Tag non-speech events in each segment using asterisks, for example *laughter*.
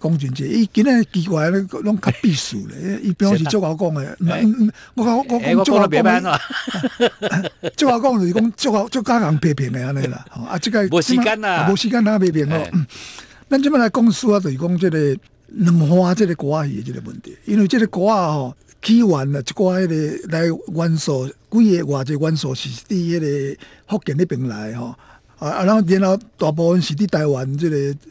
講真字，伊今日奇怪咧，攏較必須咧，咦邊個時足我講嘅？唔唔唔，我我我做我講，做、欸、我講、啊啊 *laughs* 啊、就係講做足家人平平嘅咁樣啦。啊，即個冇時間啊，冇時間哪平平喎。咱即咪來講書啊？欸嗯、就是講即係兩花即係歌仔戲嘅問題，因為即個歌仔吼起源啊，即歌嗰啲嚟元素，貴個話就元素是佇迄個福建迄邊來吼、喔。啊啊，然後，然後大部分是佇台灣即、這個。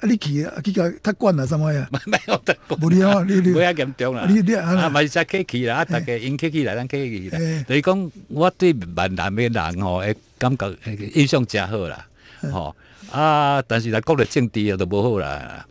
啊、你去啊，去甲踢館啊，啥物啊？唔係我踢無，唔要啊，你嚴重啦！啊，咪係再客氣啦、欸，啊，逐個應客氣嚟，咱客氣嚟。就是講我對閩南嘅人吼、喔，誒感覺迄個印象正好啦，吼、喔、啊，啊，但是若國內政治啊，著無好啦。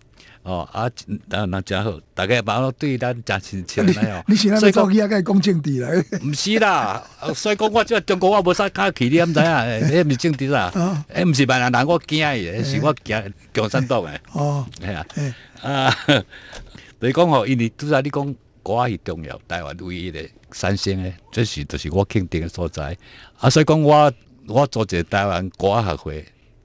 哦啊，那那真好，大家網絡對咱真親切安尼哦。你是那個做去啊？該公正地來。唔是啦，所以講我即個中國，我冇啥客氣，你唔知啊？誒，唔是政治啦。誒，唔是閩南人，我驚伊，是我驚共產黨誒。哦，係啊。所以講、 *laughs* 啊欸欸欸欸啊、哦，因為都在你講歌仔是重要，台灣唯一的三性咧，這是就是我肯定嘅所在。啊，所以講我我做只台灣歌仔學會。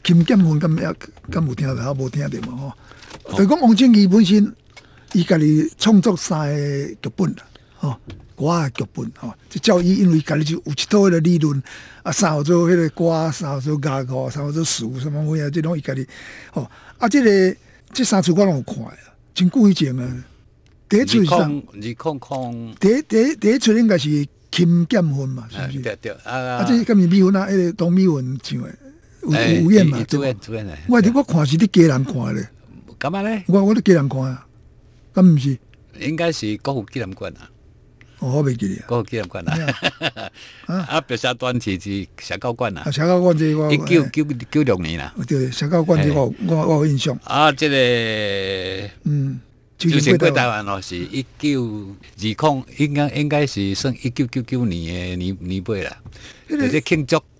金金《琴劍恨》咁也，咁有聽着，無聽着嘛？吼、哦哦！就講、是、王振義本身，伊家己創作三個劇本啦，吼，歌嘅劇本，吼、哦，即照伊因為家己就有一套迄個理論啊，三號做迄個歌，三號做牙膏，三號做書，什麼玩意？即攏伊家己，吼、哦，啊，即、這個，即三首攏有看呀，真久以前啊！第一出是講，你空，空空，第第第一出應該是《琴劍恨》嘛？是毋是？啊即個敢是咪魂啊，迄、啊啊啊這個當咪魂唱誒。有有怨嘛？欸這個、我我我看是啲工人看的，咁啊呢？我我都工人看啊，咁唔是，應該是國父紀念館啊，哦、我未記了，國父紀念館啊，啊，啊，啊，白蛇傳是是石高官啊，石高官即係一九九九六年啊，對，石高官即係我、欸、我我印象。啊，即、這個，嗯，就是過台灣咯，是一九二抗，應該應該是算一九九九年嘅年年尾啦，就啲慶祝。啊這個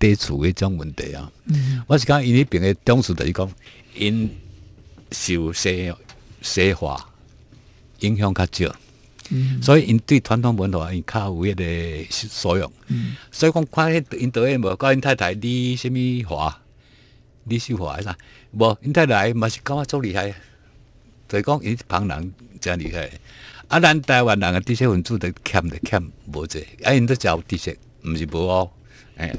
對處嘅種問題啊，我是講因那邊嘅重視，就是講因受西西化影響較少，嗯、所以因對傳統文化因較有一個所用。所以講看因導演無，講因太太李什麼華，李秀華啊，無因太太嘛是感覺足厲害？就講因旁人真厲害。啊，咱台灣人嘅知識分子都欠得欠無濟，啊因都有知識唔是無哦、喔，欸